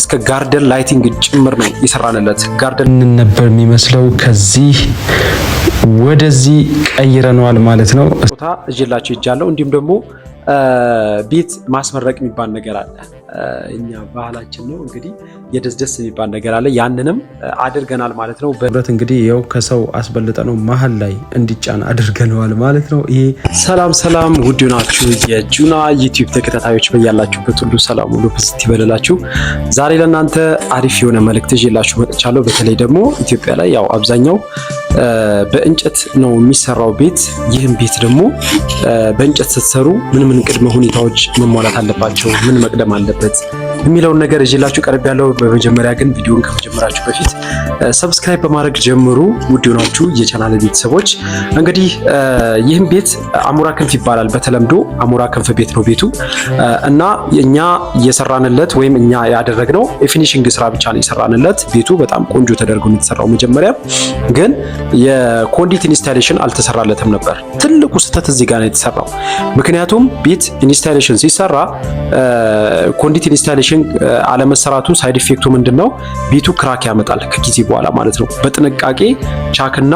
እስከ ጋርደን ላይቲንግ ጭምር ነው የሰራንለት። ጋርደን ነበር የሚመስለው። ከዚህ ወደዚህ ቀይረነዋል ማለት ነው። ቦታ እጅላቸው ይጃለው። እንዲሁም ደግሞ ቤት ማስመረቅ የሚባል ነገር አለ። እኛ ባህላችን ነው እንግዲህ የደስደስ የሚባል ነገር አለ። ያንንም አድርገናል ማለት ነው። በህብረት እንግዲህ ያው ከሰው አስበልጠ ነው መሀል ላይ እንዲጫን አድርገነዋል ማለት ነው። ይሄ ሰላም ሰላም፣ ውድ ናችሁ የጁና ዩቲዩብ ተከታታዮች በያላችሁበት ሁሉ ሰላም ሁሉ ብስት ይበልላችሁ። ዛሬ ለእናንተ አሪፍ የሆነ መልእክት ይዤላችሁ መጥቻለሁ። በተለይ ደግሞ ኢትዮጵያ ላይ ያው አብዛኛው በእንጨት ነው የሚሰራው ቤት። ይህም ቤት ደግሞ በእንጨት ስትሰሩ ምን ምን ቅድመ ሁኔታዎች መሟላት አለባቸው? ምን መቅደም አለበት It's. የሚለውን ነገር እጅላችሁ ቀርብ ያለው። በመጀመሪያ ግን ቪዲዮን ከመጀመራችሁ በፊት ሰብስክራይብ በማድረግ ጀምሩ። ውድ ሆናችሁ የቻናል ቤተሰቦች እንግዲህ ይህም ቤት አሞራ ክንፍ ይባላል። በተለምዶ አሞራ ክንፍ ቤት ነው ቤቱ እና እኛ የሰራንለት ወይም እኛ ያደረግነው የፊኒሽንግ ስራ ብቻ ነው የሰራንለት። ቤቱ በጣም ቆንጆ ተደርጎ የተሰራው መጀመሪያ ግን የኮንዲት ኢንስታሌሽን አልተሰራለትም ነበር። ትልቁ ስህተት እዚህ ጋር ነው የተሰራው። ምክንያቱም ቤት ኢንስታሌሽን ሲሰራ ኮንዲት ኢንስታሌሽን ኢንጀክሽን አለመሰራቱ ሳይድ ኢፌክቱ ምንድን ነው? ቤቱ ክራክ ያመጣል ከጊዜ በኋላ ማለት ነው። በጥንቃቄ ቻክና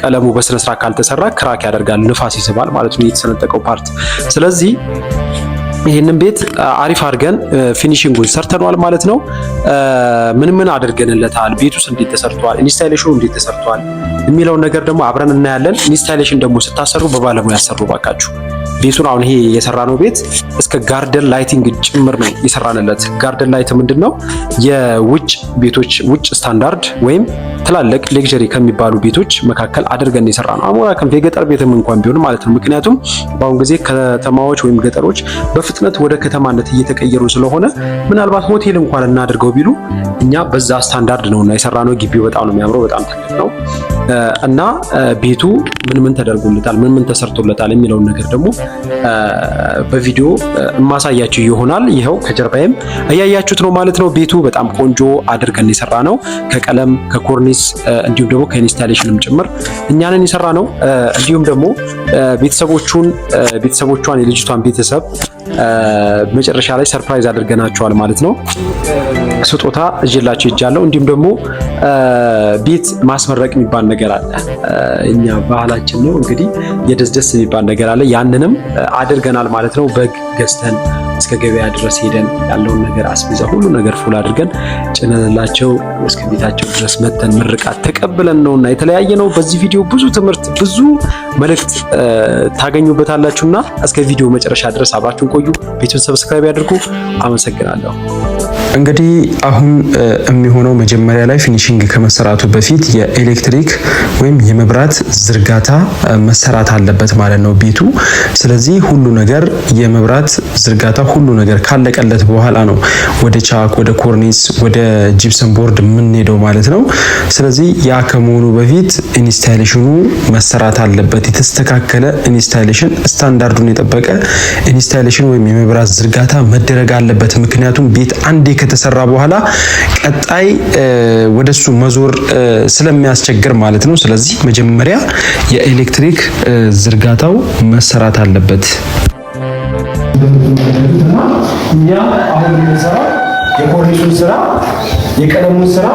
ቀለሙ በስነስርዓት ካልተሰራ ክራክ ያደርጋል፣ ንፋስ ይስባል ማለት ነው የተሰነጠቀው ፓርት። ስለዚህ ይህንን ቤት አሪፍ አድርገን ፊኒሽንጉን ሰርተነዋል ማለት ነው። ምን ምን አድርገንለታል? ቤቱስ እንዴት ተሰርተዋል? ኢንስታሌሽኑ እንዴት ተሰርተዋል? የሚለውን ነገር ደግሞ አብረን እናያለን። ኢንስታሌሽን ደግሞ ስታሰሩ በባለሙያ ሰሩ ባካችሁ። ቤቱን አሁን ይሄ የሰራ ነው ቤት እስከ ጋርደን ላይቲንግ ጭምር ነው የሰራንለት። ጋርደን ላይት ምንድን ነው? የውጭ ቤቶች ውጭ ስታንዳርድ ወይም ትላልቅ ሌክዠሪ ከሚባሉ ቤቶች መካከል አድርገን የሰራ ነው። አሞራ ክንፍ የገጠር ቤትም እንኳን ቢሆን ማለት ነው። ምክንያቱም በአሁን ጊዜ ከተማዎች ወይም ገጠሮች በፍጥነት ወደ ከተማነት እየተቀየሩ ስለሆነ ምናልባት ሆቴል እንኳን እናድርገው ቢሉ እኛ በዛ ስታንዳርድ ነው እና የሰራ ነው። ግቢው በጣም ነው የሚያምረው። በጣም ትልቅ ነው። እና ቤቱ ምን ምን ተደርጎለታል፣ ምን ምን ተሰርቶለታል የሚለውን ነገር ደግሞ በቪዲዮ የማሳያችሁ ይሆናል። ይኸው ከጀርባዬም እያያችሁት ነው ማለት ነው። ቤቱ በጣም ቆንጆ አድርገን የሰራ ነው። ከቀለም ከኮርኒስ እንዲሁም ደግሞ ከኢንስታሌሽንም ጭምር እኛንን የሰራ ነው። እንዲሁም ደግሞ ቤተሰቦቹን ቤተሰቦቿን የልጅቷን ቤተሰብ መጨረሻ ላይ ሰርፕራይዝ አድርገናቸዋል ማለት ነው። ስጦታ እጅላቸው ይጃለው እንዲሁም ደግሞ ቤት ማስመረቅ የሚባል ነገር አለ። እኛ ባህላችን ነው እንግዲህ የደስደስ የሚባል ነገር አለ። ያንንም አድርገናል ማለት ነው። በግ ገዝተን እስከ ገበያ ድረስ ሄደን ያለውን ነገር አስቤዛ፣ ሁሉ ነገር ፉል አድርገን ጭነንላቸው እስከ ቤታቸው ድረስ መተን ምርቃት ተቀብለን እና የተለያየ ነው። በዚህ ቪዲዮ ብዙ ትምህርት፣ ብዙ መልእክት ታገኙበታላችሁና እስከ ቪዲዮ መጨረሻ ድረስ አብራችሁን ቆዩ። ቤቱን ሰብስክራይብ ያድርጉ። አመሰግናለሁ። እንግዲህ አሁን የሚሆነው መጀመሪያ ላይ ፊኒሽንግ ከመሰራቱ በፊት የኤሌክትሪክ ወይም የመብራት ዝርጋታ መሰራት አለበት ማለት ነው ቤቱ። ስለዚህ ሁሉ ነገር የመብራት ዝርጋታ ሁሉ ነገር ካለቀለት በኋላ ነው ወደ ቻክ፣ ወደ ኮርኒስ፣ ወደ ጂፕሰን ቦርድ የምንሄደው ማለት ነው። ስለዚህ ያ ከመሆኑ በፊት ኢንስታሌሽኑ መሰራት አለበት። የተስተካከለ ኢንስታሌሽን ስታንዳርዱን የጠበቀ ኢንስታሌሽን ወይም የመብራት ዝርጋታ መደረግ አለበት። ምክንያቱም ቤት አንዴ ከተሰራ በኋላ ቀጣይ ወደሱ መዞር ስለሚያስቸግር ማለት ነው። ስለዚህ መጀመሪያ የኤሌክትሪክ ዝርጋታው መሰራት አለበት። እኛ አሁን የምንሰራው የኮርኒሱን ስራ የቀለሙን ስራ፣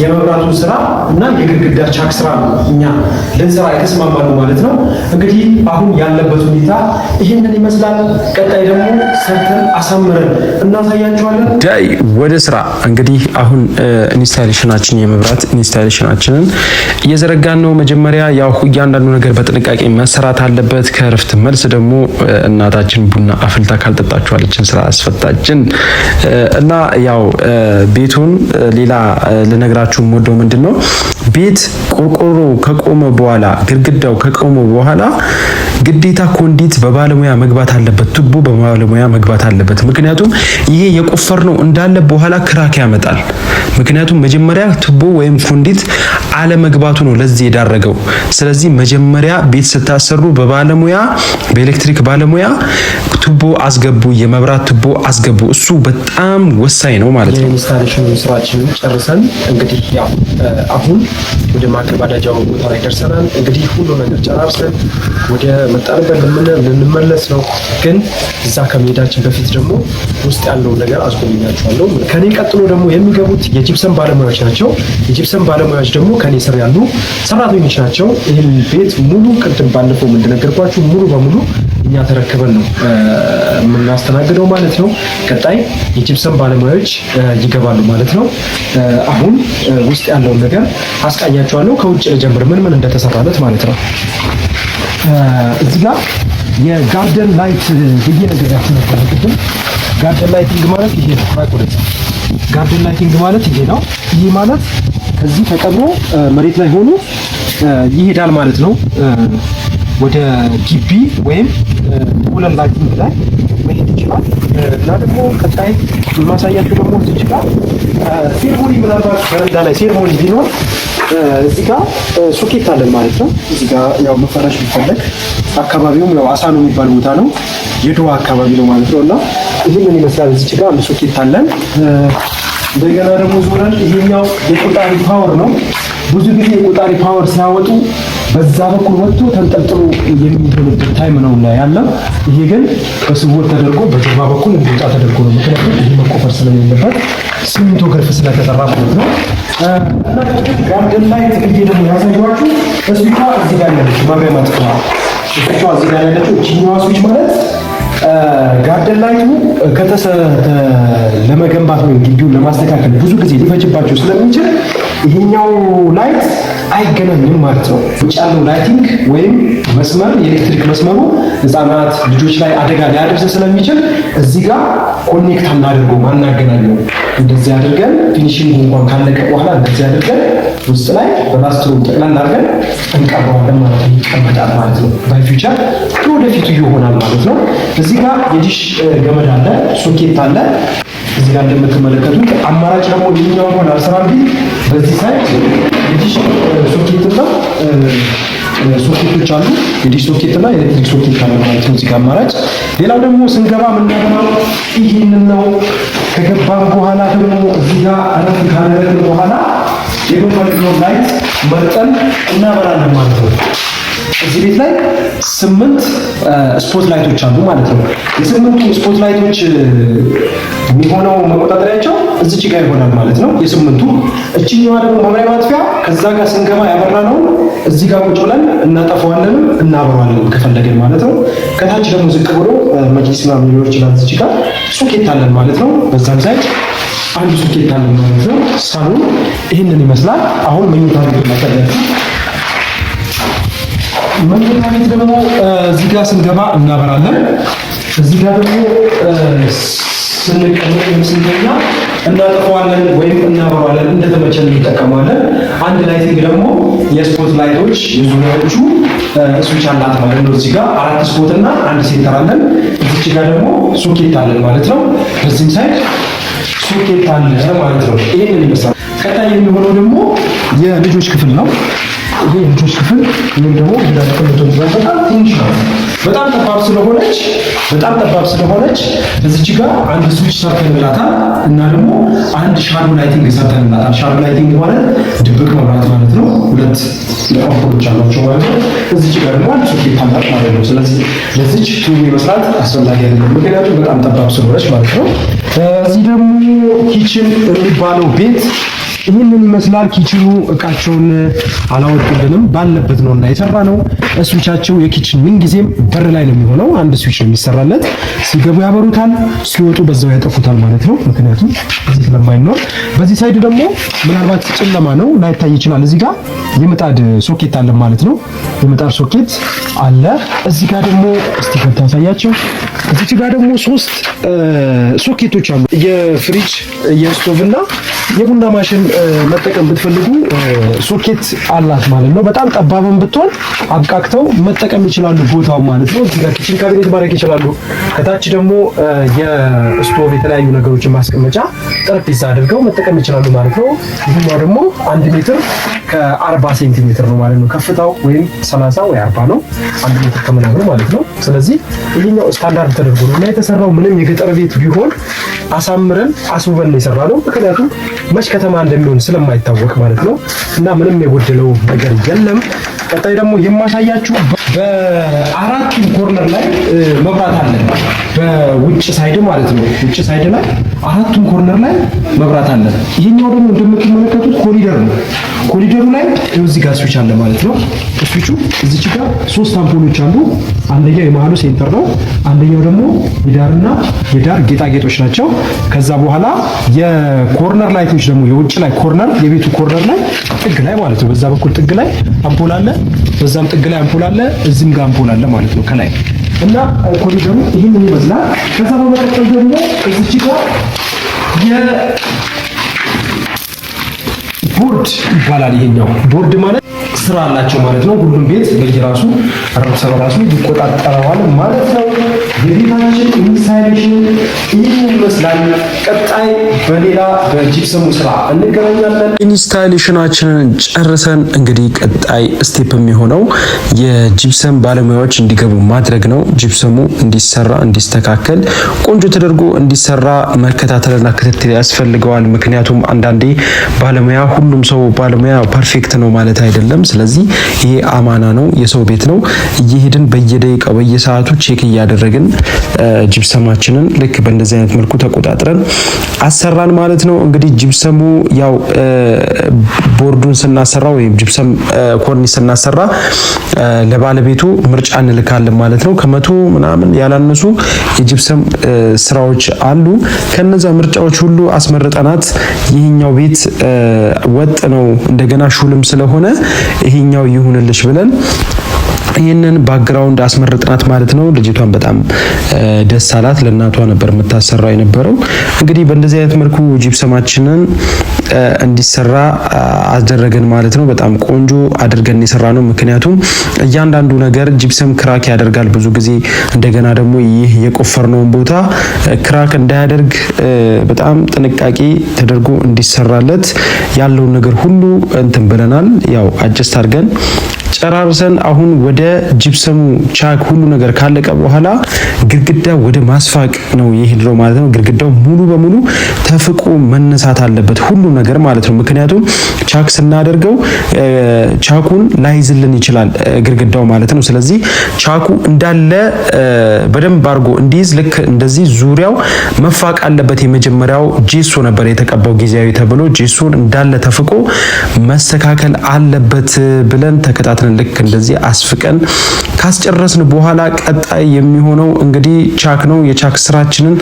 የመብራቱን ስራ እና የግድግዳ ቻክ ስራ ነው እኛ ልንሰራ የተስማማነው ማለት ነው። እንግዲህ አሁን ያለበት ሁኔታ ይህንን ይመስላል። ቀጣይ ደግሞ ሰርተን አሳምረን እናሳያቸዋለን። ዳይ ወደ ስራ እንግዲህ አሁን ኢንስታሌሽናችን የመብራት ኢንስታሌሽናችንን እየዘረጋን ነው። መጀመሪያ ያው እያንዳንዱ ነገር በጥንቃቄ መሰራት አለበት። ከእረፍት መልስ ደግሞ እናታችን ቡና አፍልታ ካልጠጣችኋለችን ስራ አስፈታችን እና ያው ቤቱን ሌላ ልነግራችሁ የምወደው ምንድን ነው፣ ቤት ቆርቆሮ ከቆመ በኋላ ግድግዳው ከቆመ በኋላ ግዴታ ኮንዲት በባለሙያ መግባት አለበት፣ ቱቦ በባለሙያ መግባት አለበት። ምክንያቱም ይሄ የቆፈር ነው እንዳለ በኋላ ክራክ ያመጣል። ምክንያቱም መጀመሪያ ቱቦ ወይም ኮንዲት አለመግባቱ ነው ለዚህ የዳረገው። ስለዚህ መጀመሪያ ቤት ስታሰሩ በባለሙያ በኤሌክትሪክ ባለሙያ ቱቦ አስገቡ፣ የመብራት ቱቦ አስገቡ። እሱ በጣም ወሳኝ ነው ማለት ነው። ኢንስታሌሽን ስራችን ጨርሰን እንግዲህ ያው አሁን ወደ ማቀባዳጃው ቦታ ላይ ደርሰናል። እንግዲህ ሁሉ ነገር ጨራርሰን ወደ መጣንበት ልንመለስ ነው። ግን እዛ ከመሄዳችን በፊት ደግሞ ውስጥ ያለውን ነገር አስጎብኛችኋለሁ። ከኔ ቀጥሎ ደግሞ የሚገቡት የጂፕሰን ባለሙያዎች ናቸው። የጂፕሰን ባለሙያዎች ደግሞ ከኔ ስር ያሉ ሰራተኞች ናቸው። ይህን ቤት ሙሉ ቅድም ባለፈው እንደነገርኳችሁ ሙሉ በሙሉ እኛ ተረክበን ነው የምናስተናግደው ማለት ነው። ቀጣይ የጂፕሰም ባለሙያዎች ይገባሉ ማለት ነው። አሁን ውስጥ ያለውን ነገር አስቃኛቸዋለሁ። ከውጭ ልጀምር፣ ምን ምን እንደተሰራለት ማለት ነው። እዚህ ጋር የጋርደን ላይት ብዬ ነገር ያስነበረ ቅድም ጋርደን ላይቲንግ ማለት ይሄ ነው። ማይቆለጽ ጋርደን ላይቲንግ ማለት ይሄ ነው። ይሄ ማለት ከዚህ ተቀብሮ መሬት ላይ ሆኖ ይሄዳል ማለት ነው። ወደ ግቢ ወይም ፖለር ላይቲንግ ላይ መሄድ ይችላል እና ደግሞ ቀጣይ የማሳያቸው ደግሞ ይችላል ሴርሞኒ ምናልባት በረንዳ ላይ ሴርሞኒ ቢኖር እዚህ ጋር ሶኬት አለን ማለት ነው። እዚህ ጋር ያው መፈረሽ ቢፈለግ አካባቢውም ያው አሳ ነው የሚባል ቦታ ነው፣ የድዋ አካባቢ ነው ማለት ነው እና ይህ ምን ይመስላል? እዚች ጋር አንድ ሶኬት አለን። እንደገና ደግሞ ዞረን ይሄኛው የቆጣሪ ፓወር ነው። ብዙ ጊዜ የቆጣሪ ፓወር ሲያወጡ በዛ በኩል ወጥቶ ተንጠልጥሎ የሚሆንበት ታይም ነው እና ያለው ይሄ ግን በስውር ተደርጎ በጀርባ በኩል እንዲወጣ ተደርጎ ነው። ምክንያቱም ይሄ መቆፈር ስለሌለበት ሲሚንቶ ገርፍ ስለተሰራ ማለት ነው። ጋርደን ላይ ትግዬ ደግሞ ያሳያችሁ እሱቻ እዚህ ጋር ያለች ማብሪያ ማጥቀማ እሱቻ እዚህ ጋር ያለችው እችኛዋ ስዊች ማለት ጋርደን ላይቱ ከተሰ ለመገንባት ወይም ግቢውን ለማስተካከል ብዙ ጊዜ ሊፈጅባቸው ስለሚችል ይሄኛው ላይት አይገናኝም ማለት ነው። ውጭ ያለው ላይቲንግ ወይም መስመር የኤሌክትሪክ መስመሩ ህጻናት ልጆች ላይ አደጋ ሊያደርስ ስለሚችል እዚህ ጋር ኮኔክት አናደርገውም፣ አናገናኘው። እንደዚህ አድርገን ፊኒሽንግ እንኳን ካለቀ በኋላ እንደዚህ አድርገን ውስጥ ላይ በላስትሮ ጠቅላ አድርገን እንቀረዋለን ማለት ነው። ይቀመጣል ማለት ነው። በፊውቸር ወደፊቱ ይሆናል ማለት ነው። እዚህ ጋር የዲሽ ገመድ አለ፣ ሶኬት አለ። እዚህ ጋር እንደምትመለከቱት አማራጭ ደግሞ የኛው ሆን አልሰራም። በዚህ ሳይት እንግዲህ ሶኬት ሶኬቶች አሉ። እንግዲህ ሶኬትና እና ሶኬት አለ ማለት ነው እዚህ አማራጭ። ሌላው ደግሞ ስንገባ የምናገባው ይህንን ነው። ከገባን በኋላ ደግሞ እዚህ ጋር አረፍ ካደረግን በኋላ የምንፈልገውን ላይት መርጠን እናበራለን ማለት ነው። እዚህ ቤት ላይ ስምንት ስፖት ላይቶች አሉ ማለት ነው። የስምንቱ ስፖት ላይቶች የሚሆነው መቆጣጠሪያቸው እዚች ጋር ይሆናል ማለት ነው። የስምንቱ እችኛዋ ደግሞ መብሪያ ማጥፊያ ከዛ ጋር ስንገባ ያበራ ነው። እዚህ ጋር ቁጭ ብለን እናጠፋዋለን፣ እናበራዋለን ከፈለገን ማለት ነው። ከታች ደግሞ ዝቅ ብሎ መጅሊስ ምናምን ሊኖር ይችላል። እዚች ጋር ሶኬት አለን ማለት ነው። በዛም ሳይድ አንድ ሶኬት አለን ማለት ነው። ሳሎን ይህንን ይመስላል። አሁን መኝታ ቤቱን መኝታ ቤት ደግሞ እዚህ ጋር ስንገባ እናበራለን። እዚህ ጋር ደግሞ ስንቀመጥ ስንተኛ እናጠፋዋለን ወይም እናበራዋለን፣ እንደተመቸን እንጠቀመዋለን። አንድ ላይቲንግ ደግሞ የስፖት ላይቶች የዙሪያዎቹ ስዊች አላት ማለት ነው። እዚህ ጋር አራት ስፖት እና አንድ ሴንተር አለን። እዚች ጋር ደግሞ ሶኬት አለን ማለት ነው። በዚህም ሳይድ ሶኬት አለ ማለት ነው። ይሄንን ይመስላል። ቀጣይ የሚሆነው ደግሞ የልጆች ክፍል ነው። ልጆች ክፍል ወይም ደግሞ በጣም ትንሽ ነው። በጣም ጠባብ ስለሆነች በጣም ጠባብ ስለሆነች እዚች ጋር አንድ ስዊች ሰርተንላታል እና ደግሞ አንድ ሻዶ ላይቲንግ ሰርተንላታል። ሻዶ ላይቲንግ ማለት ድብቅ መብራት ማለት ነው። ሁለት አሏቸው ማለት ነው። እዚች ጋር ደግሞ አንድ ሶኬት ማለት ነው። ስለዚህ ለዚች መስራት አስፈላጊ አይደለም፣ ምክንያቱም በጣም ጠባብ ስለሆነች ማለት ነው። እዚህ ደግሞ ኪችን የሚባለው ቤት ይህንን ይመስላል። ኪችኑ እቃቸውን አላወድ አይለቅልንም ባለበት ነው እና የሰራ ነው። ስዊቻቸው የኪችን ምን ጊዜም በር ላይ ነው የሚሆነው። አንድ ስዊች ነው የሚሰራለት። ሲገቡ ያበሩታል፣ ሲወጡ በዛው ያጠፉታል ማለት ነው። ምክንያቱም እዚህ ስለማይኖር። በዚህ ሳይድ ደግሞ ምናልባት ጨለማ ነው ላይታይ ይችላል። እዚህ ጋር የምጣድ ሶኬት አለ ማለት ነው። የምጣድ ሶኬት አለ። እዚህ ጋር ደግሞ እስቲ ከብታ ያሳያቸው። እዚህ ጋር ደግሞ ሶስት ሶኬቶች አሉ የፍሪጅ የስቶቭ እና የቡና ማሽን መጠቀም ብትፈልጉ ሶኬት አላት ማለት ነው። በጣም ጠባብን ብትሆን አብቃቅተው መጠቀም ይችላሉ፣ ቦታው ማለት ነው። እዚህ ጋር ኪችን ካቢኔት ማድረግ ይችላሉ። ከታች ደግሞ የስቶቭ የተለያዩ ነገሮችን ማስቀመጫ ጠረጴዛ አድርገው መጠቀም ይችላሉ ማለት ነው። ይህኛው ደግሞ አንድ ሜትር ከአርባ ሴንቲሜትር ነው ማለት ነው ከፍታው ወይም ሰላሳ ወይ አርባ ነው አንድ ሜትር ከምናምን ማለት ነው። ስለዚህ ይህኛው ስታንዳርድ ተደርጎ ነው እና የተሰራው ምንም የገጠር ቤት ቢሆን አሳምረን አስውበን የሰራ ነው ምክንያቱም መች ከተማ እንደሚሆን ስለማይታወቅ ማለት ነው እና ምንም የጎደለው ነገር የለም። ቀጣይ ደግሞ የማሳያችሁ በአራቱም ኮርነር ላይ መብራት አለ። በውጭ ሳይድ ማለት ነው ውጭ ሳይድ ላይ አራቱም ኮርነር ላይ መብራት አለ። ይሄኛው ደግሞ እንደምትመለከቱት ኮሊደር ነው። ኮሊደሩ ላይ እዚህ ጋር ስዊች አለ ማለት ነው ስዊቹ እዚች ጋር ሶስት አምፖሎች አሉ። አንደኛው የመሀሉ ሴንተር ነው። አንደኛው ደግሞ የዳርና የዳር ጌጣጌጦች ናቸው። ከዛ በኋላ የኮርነር ላይቶች ደግሞ የውጭ ላይ ኮርነር የቤቱ ኮርነር ላይ ጥግ ላይ ማለት ነው። በዛ በኩል ጥግ ላይ አምፖል አለ፣ በዛም ጥግ ላይ አምፖል አለ፣ እዚህም ጋር አምፖል አለ ማለት ነው ከላይ እና ኮሪደሩ ይህን ይመስላል። ከዛ በመቀጠል ደግሞ እዚች ጋር የቦርድ ይባላል። ይሄኛው ቦርድ ማለት ስራ አላቸው ማለት ነው። ሁሉም ቤት በየራሱ ራሱ በራሱ ይቆጣጠረዋል ማለት ነው። የቤታችን ኢንስታሌሽን ይህን ይመስላል። ቀጣይ በሌላ በጂፕሰሙ ስራ እንገናኛለን። ኢንስታሌሽናችንን ጨርሰን እንግዲህ ቀጣይ ስቴፕ የሚሆነው የጂፕሰም ባለሙያዎች እንዲገቡ ማድረግ ነው። ጂፕሰሙ እንዲሰራ እንዲስተካከል፣ ቆንጆ ተደርጎ እንዲሰራ መከታተልና ክትትል ያስፈልገዋል። ምክንያቱም አንዳንዴ ባለሙያ ሁሉም ሰው ባለሙያ ፐርፌክት ነው ማለት አይደለም። ስለዚህ ይሄ አማና ነው፣ የሰው ቤት ነው። እየሄድን በየደቂቃው በየሰዓቱ ቼክ እያደረግን ጅብሰማችንን ልክ በእንደዚህ አይነት መልኩ ተቆጣጥረን አሰራን ማለት ነው። እንግዲህ ጅብሰሙ ያው ቦርዱን ስናሰራ ወይም ጅብሰም ኮርኒስ ስናሰራ ለባለቤቱ ምርጫ እንልካለን ማለት ነው። ከመቶ ምናምን ያላነሱ የጅብሰም ስራዎች አሉ። ከነዛ ምርጫዎች ሁሉ አስመርጠናት ይህኛው ቤት ወጥ ነው። እንደገና ሹልም ስለሆነ ይሄኛው ይሁንልሽ ብለን ይህንን ባክግራውንድ አስመርጥናት ማለት ነው። ልጅቷን በጣም ደስ አላት። ለእናቷ ነበር የምታሰራው የነበረው። እንግዲህ በእንደዚህ አይነት መልኩ ጂፕሰማችንን እንዲሰራ አስደረገን ማለት ነው። በጣም ቆንጆ አድርገን የሰራ ነው። ምክንያቱም እያንዳንዱ ነገር ጂፕሰም ክራክ ያደርጋል ብዙ ጊዜ። እንደገና ደግሞ ይህ የቆፈርነውን ቦታ ክራክ እንዳያደርግ በጣም ጥንቃቄ ተደርጎ እንዲሰራለት ያለውን ነገር ሁሉ እንትን ብለናል። ያው አጀስት አድርገን ጨራርሰን አሁን ወደ ጅብሰሙ ቻክ ሁሉ ነገር ካለቀ በኋላ ግድግዳ ወደ ማስፋቅ ነው የሄድነው ማለት ነው። ግድግዳው ሙሉ በሙሉ ተፍቆ መነሳት አለበት ሁሉ ነገር ማለት ነው። ምክንያቱም ቻክ ስናደርገው ቻኩን ላይዝልን ይችላል ግድግዳው ማለት ነው። ስለዚህ ቻኩ እንዳለ በደንብ አድርጎ እንዲይዝ ልክ እንደዚህ ዙሪያው መፋቅ አለበት። የመጀመሪያው ጂሱ ነበር የተቀባው ጊዜያዊ ተብሎ ጂሱን እንዳለ ተፍቆ መስተካከል አለበት ብለን ተከታትለን ልክ እንደዚህ አስፍቀን ካስጨረስን በኋላ ቀጣይ የሚሆነው እንግዲህ ቻክ ነው። የቻክ ስራችንን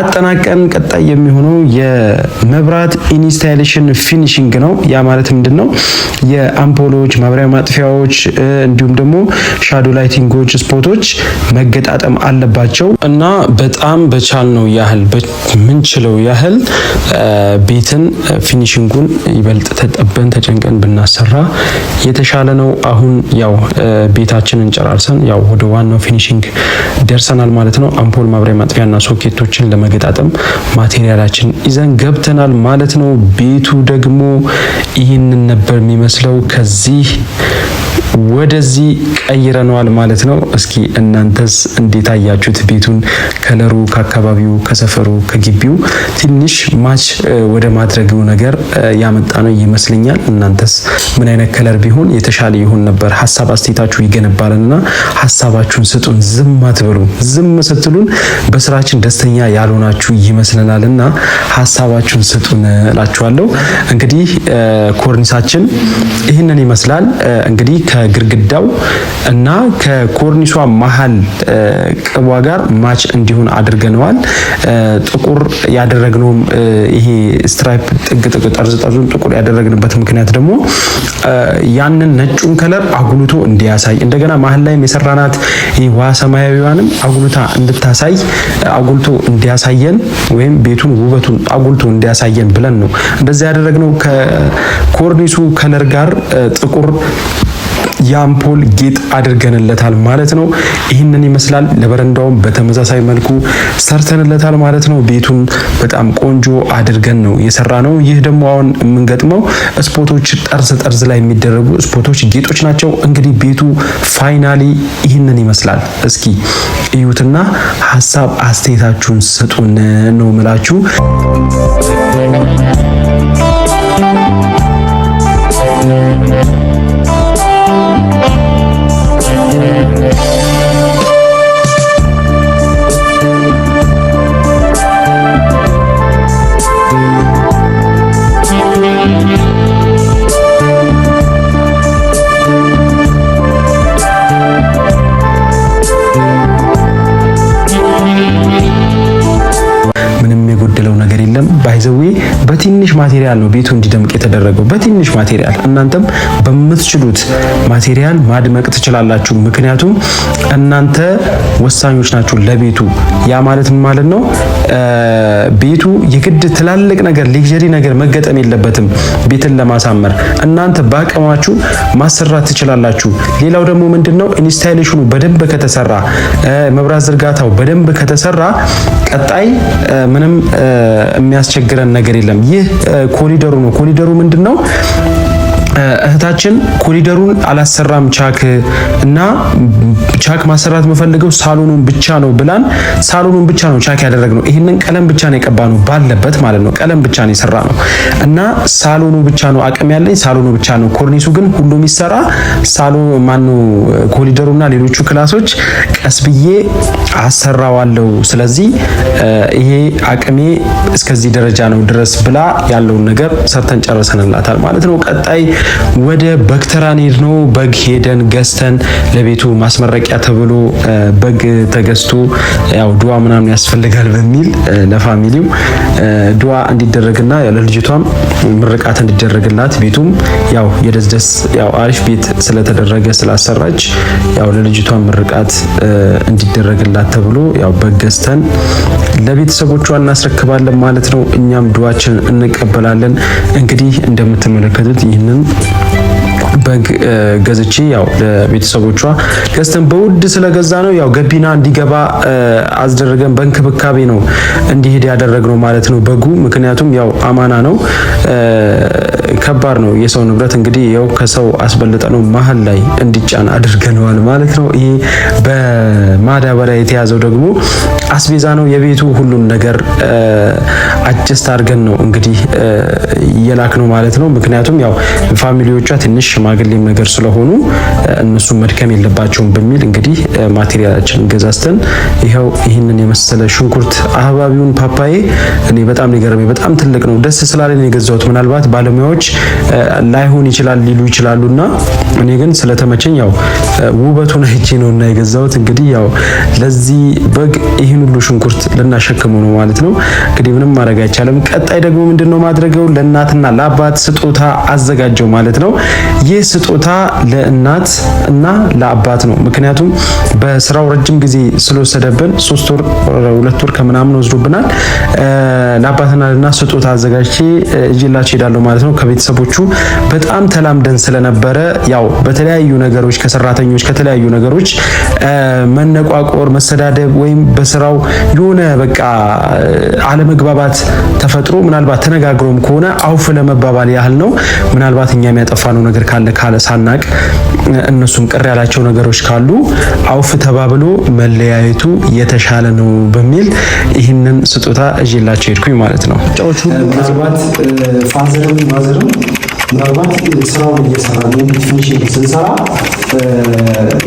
አጠናቀን ቀጣይ የሚሆነው የመብራት ኢኒስ ስታይሊሽን ፊኒሽንግ ነው። ያ ማለት ምንድን ነው? የአምፖሎች ማብሪያ ማጥፊያዎች፣ እንዲሁም ደግሞ ሻዶ ላይቲንጎች፣ ስፖቶች መገጣጠም አለባቸው እና በጣም በቻልነው ያህል በምንችለው ያህል ቤትን ፊኒሽንጉን ይበልጥ ተጠበን ተጨንቀን ብናሰራ የተሻለ ነው። አሁን ያው ቤታችንን ጨራርሰን ያው ወደ ዋናው ፊኒሽንግ ደርሰናል ማለት ነው። አምፖል ማብሪያ ማጥፊያና ሶኬቶችን ለመገጣጠም ማቴሪያላችን ይዘን ገብተናል ማለት ነው። ቤቱ ደግሞ ይህንን ነበር የሚመስለው ከዚህ ወደዚህ ቀይረነዋል ማለት ነው። እስኪ እናንተስ እንዴት አያችሁት? ቤቱን ከለሩ ከአካባቢው ከሰፈሩ ከግቢው ትንሽ ማች ወደ ማድረጊው ነገር ያመጣ ነው ይመስለኛል። እናንተስ ምን አይነት ከለር ቢሆን የተሻለ ይሆን ነበር? ሀሳብ አስተያየታችሁ ይገነባልና ሀሳባችሁን ስጡን። ዝም አትበሉ። ዝም ስትሉን በስራችን ደስተኛ ያልሆናችሁ ይመስለናልና ሀሳባችሁን ስጡን እላችኋለሁ። እንግዲህ ኮርኒሳችን ይህንን ይመስላል እንግዲህ ከግርግዳው እና ከኮርኒሷ መሀል ቅቧ ጋር ማች እንዲሆን አድርገነዋል። ጥቁር ያደረግነውም ይሄ ስትራይፕ ጥግ ጥግ ጠርዝ ጠርዙን ጥቁር ያደረግንበት ምክንያት ደግሞ ያንን ነጩን ከለር አጉልቶ እንዲያሳይ እንደገና መሀል ላይም የሰራናት ይህ ውሃ ሰማያዊዋንም አጉልታ እንድታሳይ አጉልቶ እንዲያሳየን ወይም ቤቱን ውበቱን አጉልቶ እንዲያሳየን ብለን ነው እንደዚያ ያደረግነው ከኮርኒሱ ከለር ጋር ጥቁር የአምፖል ጌጥ አድርገንለታል ማለት ነው። ይህንን ይመስላል። ለበረንዳውም በተመሳሳይ መልኩ ሰርተንለታል ማለት ነው። ቤቱን በጣም ቆንጆ አድርገን ነው የሰራ ነው። ይህ ደግሞ አሁን የምንገጥመው ስፖቶች ጠርዝ ጠርዝ ላይ የሚደረጉ ስፖቶች ጌጦች ናቸው። እንግዲህ ቤቱ ፋይናሊ ይህንን ይመስላል። እስኪ እዩትና ሀሳብ አስተያየታችሁን ስጡን ነው ምላችሁ። ትንሽ ማቴሪያል ነው ቤቱ እንዲደምቅ የተደረገው፣ በትንሽ ማቴሪያል። እናንተም በምትችሉት ማቴሪያል ማድመቅ ትችላላችሁ። ምክንያቱም እናንተ ወሳኞች ናችሁ ለቤቱ። ያ ማለት ምን ማለት ነው? ቤቱ የግድ ትላልቅ ነገር ሌክዠሪ ነገር መገጠም የለበትም ቤትን ለማሳመር። እናንተ በአቅማችሁ ማሰራት ትችላላችሁ። ሌላው ደግሞ ምንድነው ኢንስታሌሽኑ በደንብ ከተሰራ መብራት ዝርጋታው በደንብ ከተሰራ ቀጣይ ምንም የሚያስቸግረን ነገር የለም። ይህ ኮሪደሩ ነው። ኮሪደሩ ምንድን ነው? እህታችን ኮሪደሩን አላሰራም ቻክ እና ቻክ ማሰራት የምፈልገው ሳሎኑን ብቻ ነው ብላን ሳሎኑን ብቻ ነው ቻክ ያደረግነው። ይህንን ቀለም ብቻ ነው የቀባ ነው ባለበት ማለት ነው። ቀለም ብቻ ነው የሰራ ነው እና ሳሎኑ ብቻ ነው አቅም ያለኝ ሳሎኑ ብቻ ነው። ኮርኒሱ ግን ሁሉም ይሰራ ሳሎ ማኑ ኮሪደሩና ሌሎቹ ክላሶች ቀስ ብዬ አሰራዋለው ስለዚህ ይሄ አቅሜ እስከዚህ ደረጃ ነው ድረስ ብላ ያለውን ነገር ሰርተን ጨርሰንላታል ማለት ነው። ቀጣይ ወደ በግ ተራ እንሄድ ነው። በግ ሄደን ገዝተን ለቤቱ ማስመረቂያ ተብሎ በግ ተገዝቶ ያው ድዋ ምናምን ያስፈልጋል በሚል ለፋሚሊው ድዋ እንዲደረግና ለልጅቷም ምርቃት እንዲደረግላት ቤቱም ያው የደስደስ ያው አሪፍ ቤት ስለተደረገ ስላሰራች ያው ለልጅቷም ምርቃት እንዲደረግላት ተብሎ ያው በግ ገዝተን ለቤተሰቦቿ እናስረክባለን ማለት ነው። እኛም ድዋችን እንቀበላለን። እንግዲህ እንደምትመለከቱት ይህንን Thank you. በግ ገዝቼ ያው ለቤተሰቦቿ ገዝተን በውድ ስለገዛ ነው ያው ገቢና እንዲገባ አስደረገን። በእንክብካቤ ነው እንዲሄድ ያደረግነው ማለት ነው በጉ። ምክንያቱም ያው አማና ነው፣ ከባድ ነው የሰው ንብረት እንግዲህ ያው ከሰው አስበልጠ ነው መሀል ላይ እንዲጫን አድርገነዋል ማለት ነው። ይሄ በማዳበሪያ የተያዘው ደግሞ አስቤዛ ነው የቤቱ ሁሉን ነገር አጀስት አድርገን ነው እንግዲህ የላክ ነው ማለት ነው። ምክንያቱም ያው ፋሚሊዎቿ ትንሽ ሽማግሌም ነገር ስለሆኑ እነሱን መድከም የለባቸውም በሚል እንግዲህ ማቴሪያላችንን ገዛዝተን ይኸው ይህንን የመሰለ ሽንኩርት አህባቢውን ፓፓዬ እኔ በጣም ሊገርመኝ በጣም ትልቅ ነው። ደስ ነው የገዛሁት ምናልባት ባለሙያዎች ላይሆን ይችላል ሊሉ ይችላሉና እኔ ግን ስለተመቸኝ ያው ውበቱን አይቼ ነው እና የገዛሁት። እንግዲህ ያው ለዚህ በግ ይህን ሁሉ ሽንኩርት ልናሸክሙ ነው ማለት ነው። እንግዲህ ምንም ማድረግ አይቻልም። ቀጣይ ደግሞ ምንድነው ማድረገው ለእናትና ለአባት ስጦታ አዘጋጀው ማለት ነው። ይህ ስጦታ ለእናት እና ለአባት ነው። ምክንያቱም በስራው ረጅም ጊዜ ስለወሰደብን ሶስት ወር ሁለት ወር ከምናምን ወስዶብናል። ለአባትና ለእናት ስጦታ አዘጋጅቼ እጅላቸው ሄዳለሁ ማለት ነው። ከቤተሰቦቹ በጣም ተላምደን ስለነበረ ያው በተለያዩ ነገሮች ከሰራተኞች ከተለያዩ ነገሮች መነቋቆር፣ መሰዳደብ ወይም በስራው የሆነ በቃ አለመግባባት ተፈጥሮ ምናልባት ተነጋግሮም ከሆነ አውፍ ለመባባል ያህል ነው። ምናልባት እኛ የሚያጠፋ ነው ነገር ካለ ሳናቅ እነሱም ቅር ያላቸው ነገሮች ካሉ አውፍ ተባብሎ መለያየቱ የተሻለ ነው በሚል ይህንን ስጦታ እዤላቸው ሄድኩኝ ማለት ነው። ጫዎቹ ምናልባት ፋዘርም ማዘርም ምናልባት ስራውን እየሰራን የቤት ፊኒሽንግ ስንሰራ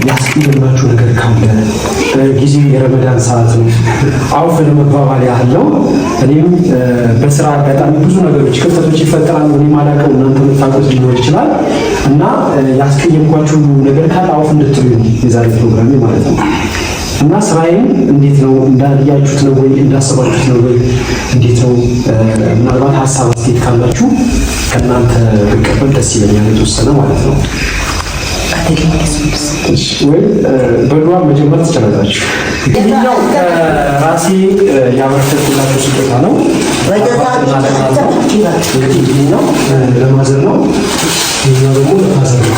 ያስቀየማችሁ ነገር ካለ ጊዜ የረመዳን ሰዓት ነው። አውፍ ለመባባል ያለው እኔም በስራ አጋጣሚ ብዙ ነገሮች ክፍተቶች ይፈጠራሉ። እኔ ማላውቀው እናንተ የምታውቁት ሊኖር ይችላል እና ያስቀየምኳችሁ ነገር ካለ አውፍ እንድትሉ የዛሬ ፕሮግራሜ ማለት ነው። እና ስራዬን እንዴት ነው እንዳያችሁት ነው ወይ እንዳሰባችሁት ነው ወይ እንዴት ነው? ምናልባት ሀሳብ አስተያየት ካላችሁ ከእናንተ ብቀበል ደስ ይለኛል፣ የተወሰነ ማለት ነው። ወይ በዱዓ መጀመር ትችላላችሁ። ይህኛው ራሴ ያበረከትኩላችሁ ስጦታ ነው። ይህኛው ለማዘር ነው፣ ይሄኛው ደግሞ ለማዘር ነው።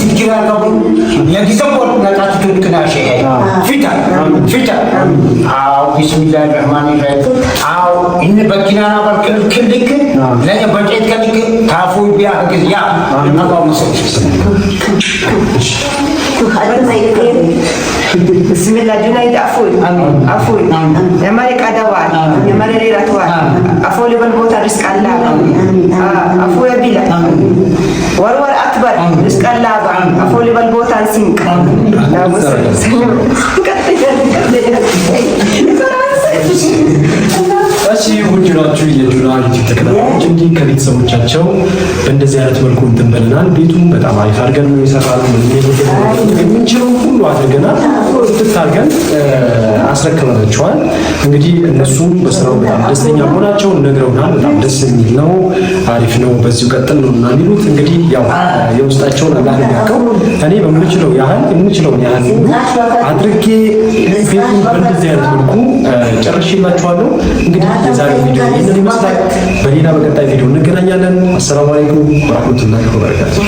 ችግር ያለብን ለጊዜው ወርነጣት ትልክናሽ ፊታ ፊታ አዎ ቢስሚላህ ረህማን ራሂም አዎ እነ በኪናና በርክል ክልክ ለየ በጨት ከልክ ታፉ ቢያ ግዝ ያ እናቀው መሰለሽ Bismillah Junaid Aful Aful Nyamare Kadawar Nyamare Reratwar Affordable Water Risk Allah Afu Yabila Warwar Akbar Risk Allah Affordable Water Sink እሺ ውድ ናችሁ የጁና ዩቲብ ተከታታይ እንግዲህ ከቤተሰቦቻቸው በእንደዚህ አይነት መልኩ እንትን ብለናል። ቤቱም በጣም አሪፍ አድርገን ነው የሰራነው። የምንችለው ሁሉ አድርገናል። ፍት አድርገን አስረክበናቸዋል። እንግዲህ እነሱም በስራው በጣም ደስተኛ መሆናቸውን ነግረውናል። በጣም ደስ የሚል ነው፣ አሪፍ ነው፣ በዚሁ ቀጥል ነው እና የሚሉት እንግዲህ ያው የውስጣቸውን አላህ ያውቀው። እኔ በምንችለው ያህል የምንችለውን ያህል አድርጌ ቤቱን በእንደዚህ አይነት መልኩ ጨርሼላችኋለሁ። እንግዲህ የዛሬው ቪዲዮ ይህንን ይመስላል። በሌላ በቀጣይ ቪዲዮ እንገናኛለን። አሰላሙ አለይኩም ወራህመቱላሂ ወበረካቱ።